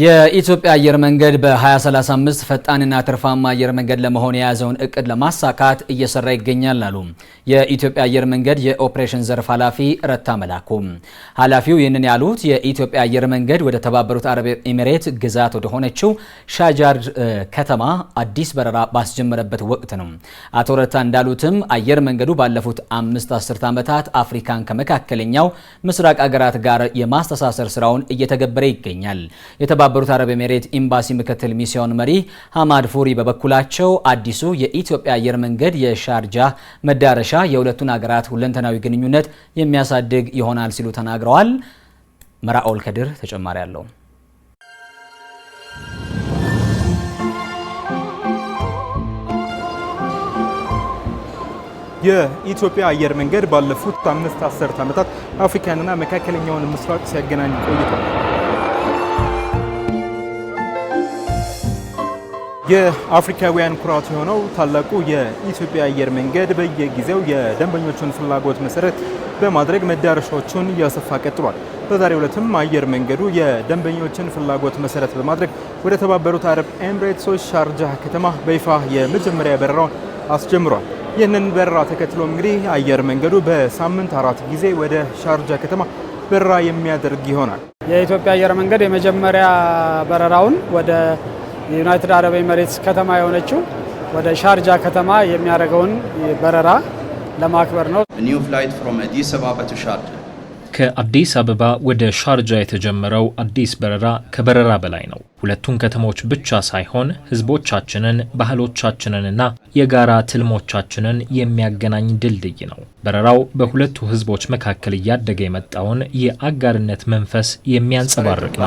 የኢትዮጵያ አየር መንገድ በ2035 ፈጣንና ትርፋማ አየር መንገድ ለመሆን የያዘውን እቅድ ለማሳካት እየሰራ ይገኛል አሉ የኢትዮጵያ አየር መንገድ የኦፕሬሽን ዘርፍ ኃላፊ ረታ መላኩ። ኃላፊው ይህንን ያሉት የኢትዮጵያ አየር መንገድ ወደ ተባበሩት አረብ ኤሚሬት ግዛት ወደሆነችው ሻጃር ከተማ አዲስ በረራ ባስጀመረበት ወቅት ነው። አቶ ረታ እንዳሉትም አየር መንገዱ ባለፉት አምስት አስርት ዓመታት አፍሪካን ከመካከለኛው ምስራቅ አገራት ጋር የማስተሳሰር ስራውን እየተገበረ ይገኛል። የተባበሩት አረብ ኤሜሬት ኤምባሲ ምክትል ሚስዮን መሪ ሀማድ ፉሪ በበኩላቸው አዲሱ የኢትዮጵያ አየር መንገድ የሻርጃ መዳረሻ የሁለቱን ሀገራት ሁለንተናዊ ግንኙነት የሚያሳድግ ይሆናል ሲሉ ተናግረዋል። መራኦል ከድር ተጨማሪ አለው። የኢትዮጵያ አየር መንገድ ባለፉት አምስት አስርት ዓመታት አፍሪካንና መካከለኛውን ምስራቅ ሲያገናኝ ቆይቷል። የአፍሪካውያን ኩራት የሆነው ታላቁ የኢትዮጵያ አየር መንገድ በየጊዜው የደንበኞቹን ፍላጎት መሰረት በማድረግ መዳረሻዎቹን እያሰፋ ቀጥሏል። በዛሬው ዕለትም አየር መንገዱ የደንበኞችን ፍላጎት መሰረት በማድረግ ወደ ተባበሩት አረብ ኤምሬትሶች ሻርጃ ከተማ በይፋ የመጀመሪያ በረራውን አስጀምሯል። ይህንን በረራ ተከትሎ እንግዲህ አየር መንገዱ በሳምንት አራት ጊዜ ወደ ሻርጃ ከተማ በረራ የሚያደርግ ይሆናል። የኢትዮጵያ አየር መንገድ የመጀመሪያ በረራውን ወደ የዩናይትድ አረብ ኤምሬትስ ከተማ የሆነችው ወደ ሻርጃ ከተማ የሚያደርገውን በረራ ለማክበር ነው። ኒው ፍላይት ፍሮም አዲስ አበባ ቱ ሻርጃ ከአዲስ አበባ ወደ ሻርጃ የተጀመረው አዲስ በረራ ከበረራ በላይ ነው። ሁለቱን ከተሞች ብቻ ሳይሆን ሕዝቦቻችንን፣ ባህሎቻችንንና የጋራ ትልሞቻችንን የሚያገናኝ ድልድይ ነው። በረራው በሁለቱ ሕዝቦች መካከል እያደገ የመጣውን የአጋርነት መንፈስ የሚያንጸባርቅ ነው።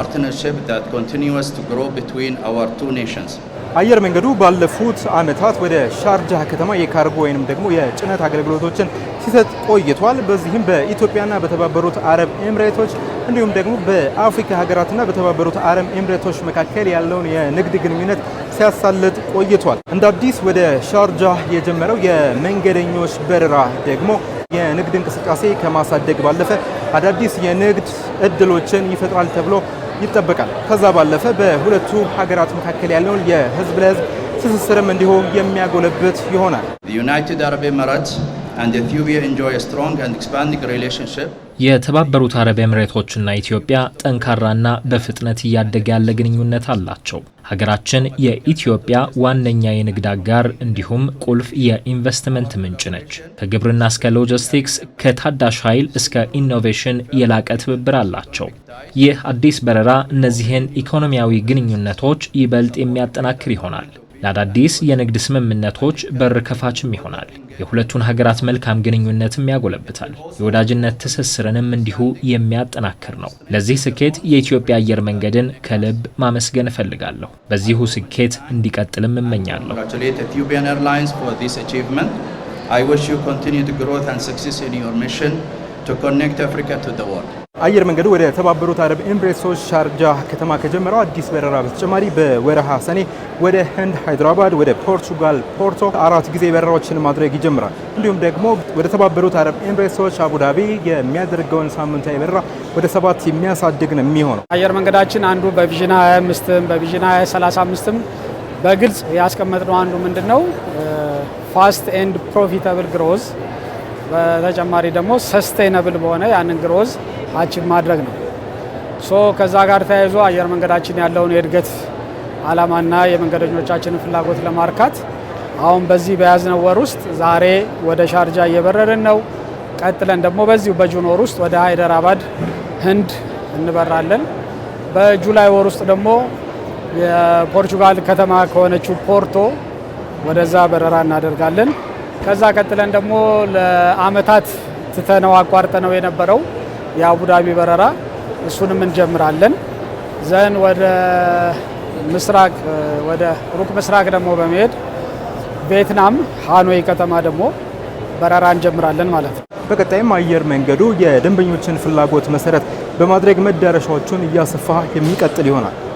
አየር መንገዱ ባለፉት ዓመታት ወደ ሻርጃ ከተማ የካርጎ ወይንም ደግሞ የጭነት አገልግሎቶችን ሲሰጥ ቆይቷል። በዚህም በኢትዮጵያና በተባበሩት አረብ ኤምሬቶች እንዲሁም ደግሞ በአፍሪካ ሀገራትና በተባበሩት አረብ ኤምሬቶች መካከል ያለውን የንግድ ግንኙነት ሲያሳልጥ ቆይቷል። እንደ አዲስ ወደ ሻርጃ የጀመረው የመንገደኞች በረራ ደግሞ የንግድ እንቅስቃሴ ከማሳደግ ባለፈ አዳዲስ የንግድ እድሎችን ይፈጥራል ተብሎ ይጠበቃል። ከዛ ባለፈ በሁለቱ ሀገራት መካከል ያለውን የህዝብ ለህዝብ ትስስርም እንዲሁ የሚያጎለብት ይሆናል። ዩናይትድ አረብ ኤምሬትስ የተባበሩት አረብ ኤምሬቶችና ኢትዮጵያ ጠንካራና በፍጥነት እያደገ ያለ ግንኙነት አላቸው። ሀገራችን የኢትዮጵያ ዋነኛ የንግድ አጋር እንዲሁም ቁልፍ የኢንቨስትመንት ምንጭ ነች። ከግብርና እስከ ሎጂስቲክስ፣ ከታዳሽ ኃይል እስከ ኢኖቬሽን የላቀ ትብብር አላቸው። ይህ አዲስ በረራ እነዚህን ኢኮኖሚያዊ ግንኙነቶች ይበልጥ የሚያጠናክር ይሆናል። ለአዳዲስ የንግድ ስምምነቶች በር ከፋችም ይሆናል። የሁለቱን ሀገራት መልካም ግንኙነትም ያጎለብታል። የወዳጅነት ትስስርንም እንዲሁ የሚያጠናክር ነው። ለዚህ ስኬት የኢትዮጵያ አየር መንገድን ከልብ ማመስገን እፈልጋለሁ። በዚሁ ስኬት እንዲቀጥልም እመኛለሁ። I wish you continued to connect Africa to the world። አየር መንገዱ ወደ ተባበሩት አረብ ኤምሬትሶች ሻርጃ ከተማ ከጀመረው አዲስ በረራ በተጨማሪ በወረሃ ሰኔ ወደ ህንድ ሃይድራባድ፣ ወደ ፖርቱጋል ፖርቶ አራት ጊዜ በረራዎችን ማድረግ ይጀምራል። እንዲሁም ደግሞ ወደ ተባበሩት አረብ ኤምሬትሶች አቡዳቢ የሚያደርገውን ሳምንታዊ በረራ ወደ ሰባት የሚያሳድግ ነው የሚሆነው። አየር መንገዳችን አንዱ በቪዥን 25ም በቪዥን 35 በግልጽ ያስቀመጥነው አንዱ ምንድን ነው ፋስት ኤንድ ፕሮፊታብል ግሮዝ በተጨማሪ ደግሞ ሰስቴነብል በሆነ ያንን ግሮዝ አቺቭ ማድረግ ነው። ሶ ከዛ ጋር ተያይዞ አየር መንገዳችን ያለውን የእድገት አላማና የመንገደኞቻችንን ፍላጎት ለማርካት አሁን በዚህ በያዝነው ወር ውስጥ ዛሬ ወደ ሻርጃ እየበረርን ነው። ቀጥለን ደግሞ በዚሁ በጁን ወር ውስጥ ወደ ሃይደራባድ ህንድ እንበራለን። በጁላይ ወር ውስጥ ደግሞ የፖርቹጋል ከተማ ከሆነችው ፖርቶ ወደዛ በረራ እናደርጋለን። ከዛ ቀጥለን ደግሞ ለአመታት ትተነው አቋርጠነው የነበረው የአቡዳቢ በረራ እሱንም እንጀምራለን። ዘን ወደ ምስራቅ ወደ ሩቅ ምስራቅ ደግሞ በመሄድ ቬትናም ሃኖይ ከተማ ደግሞ በረራ እንጀምራለን ማለት ነው። በቀጣይም አየር መንገዱ የደንበኞችን ፍላጎት መሰረት በማድረግ መዳረሻዎቹን እያሰፋ የሚቀጥል ይሆናል።